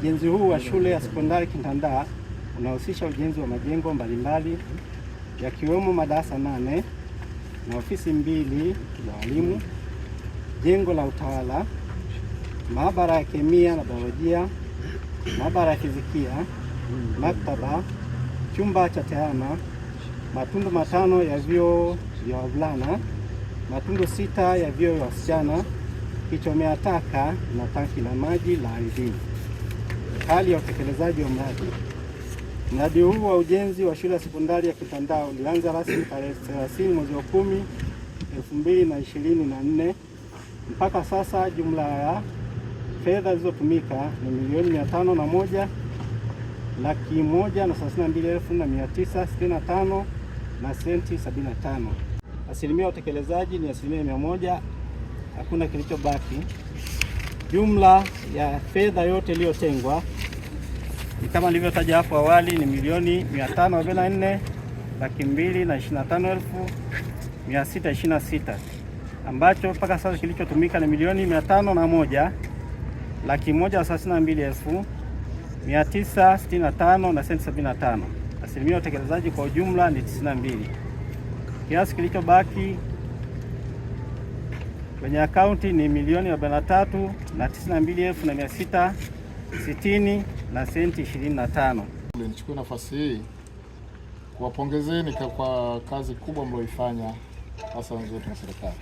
Ujenzi huu wa shule ya sekondari Kintandaa unahusisha ujenzi wa majengo mbalimbali yakiwemo madarasa nane na ofisi mbili za walimu, jengo la utawala, maabara ya kemia na biolojia, maabara ya fizikia, maktaba, chumba cha tehama, matundu matano ya vyoo vya wavulana, matundu sita ya vyoo vya wasichana, kichomea taka na tanki la maji la ardhini. Hali ya utekelezaji wa mradi. Mradi huu wa ujenzi wa shule ya sekondari ya Kitandao ulianza rasmi tarehe 30 mwezi wa 10 2024. Mpaka sasa jumla ya fedha zilizotumika ni milioni mia na moja laki moja na thelathini mbili elfu na mia tisa na tano na senti sabini tano. Asilimia ya utekelezaji ni asilimia mia moja, hakuna kilichobaki. Jumla ya fedha yote iliyotengwa kama nilivyotaja hapo awali ni milioni 544 laki 225626 na 25 elfu 626 ambacho mpaka sasa kilichotumika ni milioni 501 laki moja na elfu 965 na senti 75. Asilimia ya utekelezaji kwa ujumla ni 92. Kiasi kilichobaki kwenye akaunti ni milioni 43 na 92 elfu na 600 sitini na senti 25. Nichukue nafasi hii kuwapongezeni kwa kazi kubwa mlioifanya, hasa wenzetu na serikali.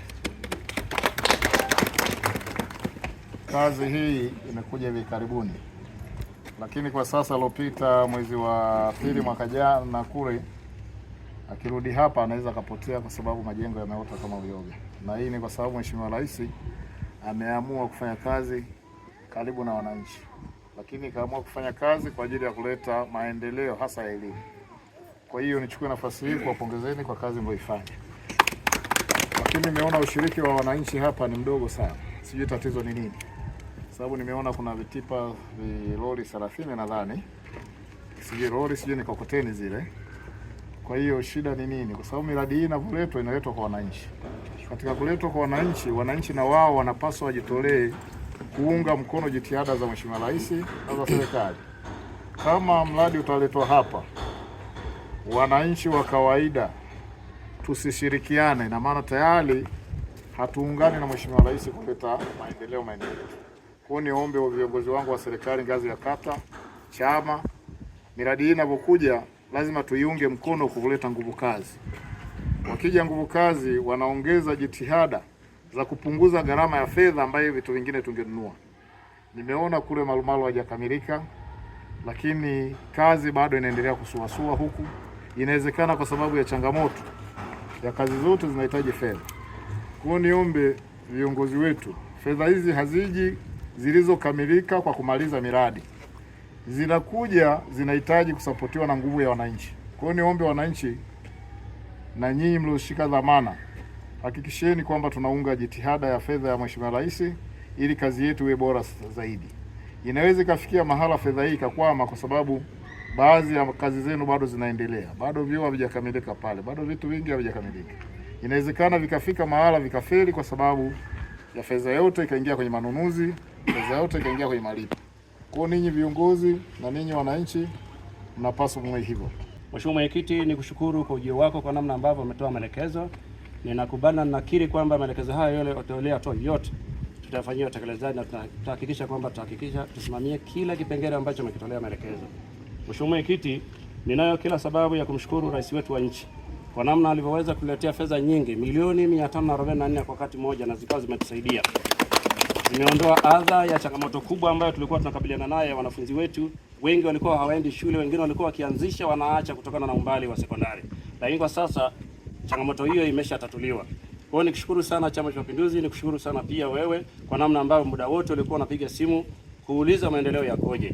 Kazi hii imekuja hivi karibuni, lakini kwa sasa aliopita mwezi wa pili mwaka jana kule akirudi hapa anaweza akapotea kwa sababu majengo yameota kama uyoga, na hii ni kwa sababu Mheshimiwa Rais ameamua kufanya kazi karibu na wananchi lakini ikaamua kufanya kazi kwa ajili ya kuleta maendeleo hasa ya elimu. Kwa hiyo nichukue nafasi hii kuwapongezeni kwa kazi mlioifanya, lakini nimeona ushiriki wa wananchi hapa ni mdogo sana. Sijui tatizo ni nini, sababu nimeona kuna vitipa vilori 30 nadhani, sijui lori, sijui ni kokoteni zile. Kwa hiyo shida ni nini? Kwa sababu miradi hii inavyoletwa inaletwa kwa wananchi. Katika kuletwa kwa wananchi, wananchi na wao wanapaswa wajitolee kuunga mkono jitihada za Mheshimiwa Rais na za serikali. Kama mradi utaletwa hapa, wananchi wa kawaida tusishirikiane, na maana tayari hatuungani na Mheshimiwa Rais kuleta maendeleo maendeleo. Kwa hiyo niombe viongozi wangu wa serikali ngazi ya kata, chama, miradi hii inapokuja lazima tuiunge mkono kuleta nguvu kazi. Wakija nguvu kazi, wanaongeza jitihada za kupunguza gharama ya fedha ambayo vitu vingine tungenunua. Nimeona kule malumalu hajakamilika, lakini kazi bado inaendelea kusuasua huku. Inawezekana kwa sababu ya changamoto ya kazi zote zinahitaji fedha. Kwa hiyo niombe viongozi wetu, fedha hizi haziji zilizokamilika kwa kumaliza miradi, zinakuja zinahitaji kusapotiwa na nguvu ya wananchi. Kwa hiyo niombe wananchi na nyinyi mlioshika dhamana hakikisheni kwamba tunaunga jitihada ya fedha ya Mheshimiwa Rais ili kazi yetu iwe bora zaidi. Inaweza ikafikia mahala fedha hii ikakwama kwa sababu baadhi ya kazi zenu bado zinaendelea, bado vyo havijakamilika pale, bado vitu vingi havijakamilika. Inawezekana vikafika mahala vikafeli kwa sababu ya fedha yote ikaingia kwenye manunuzi, fedha yote ikaingia kwenye malipo. Kwa ninyi viongozi na ninyi wananchi mnapaswa mwe hivyo. Mheshimiwa Mwenyekiti, nikushukuru kwa ujio wako kwa namna ambavyo umetoa maelekezo ninakubana na nakiri kwamba maelekezo hayo yale to yote tutafanyia utekelezaji na tutahakikisha kwamba tutahakikisha tusimamie kila kipengele ambacho amekitolea maelekezo. Mheshimiwa Mwenyekiti, ninayo kila sababu ya kumshukuru rais wetu wa nchi kwa namna alivyoweza kuletea fedha nyingi milioni 544 kwa wakati mmoja, na zikawa zimetusaidia, zimeondoa adha ya changamoto kubwa ambayo tulikuwa tunakabiliana naye. Wanafunzi wetu wengi walikuwa hawaendi shule, wengine walikuwa wakianzisha wanaacha kutokana na umbali wa sekondari, lakini kwa sasa changamoto hiyo imeshatatuliwa. Kwa hiyo nikushukuru sana Chama cha Mapinduzi, nikushukuru sana pia wewe kwa namna ambayo muda wote ulikuwa unapiga simu kuuliza maendeleo yakoje.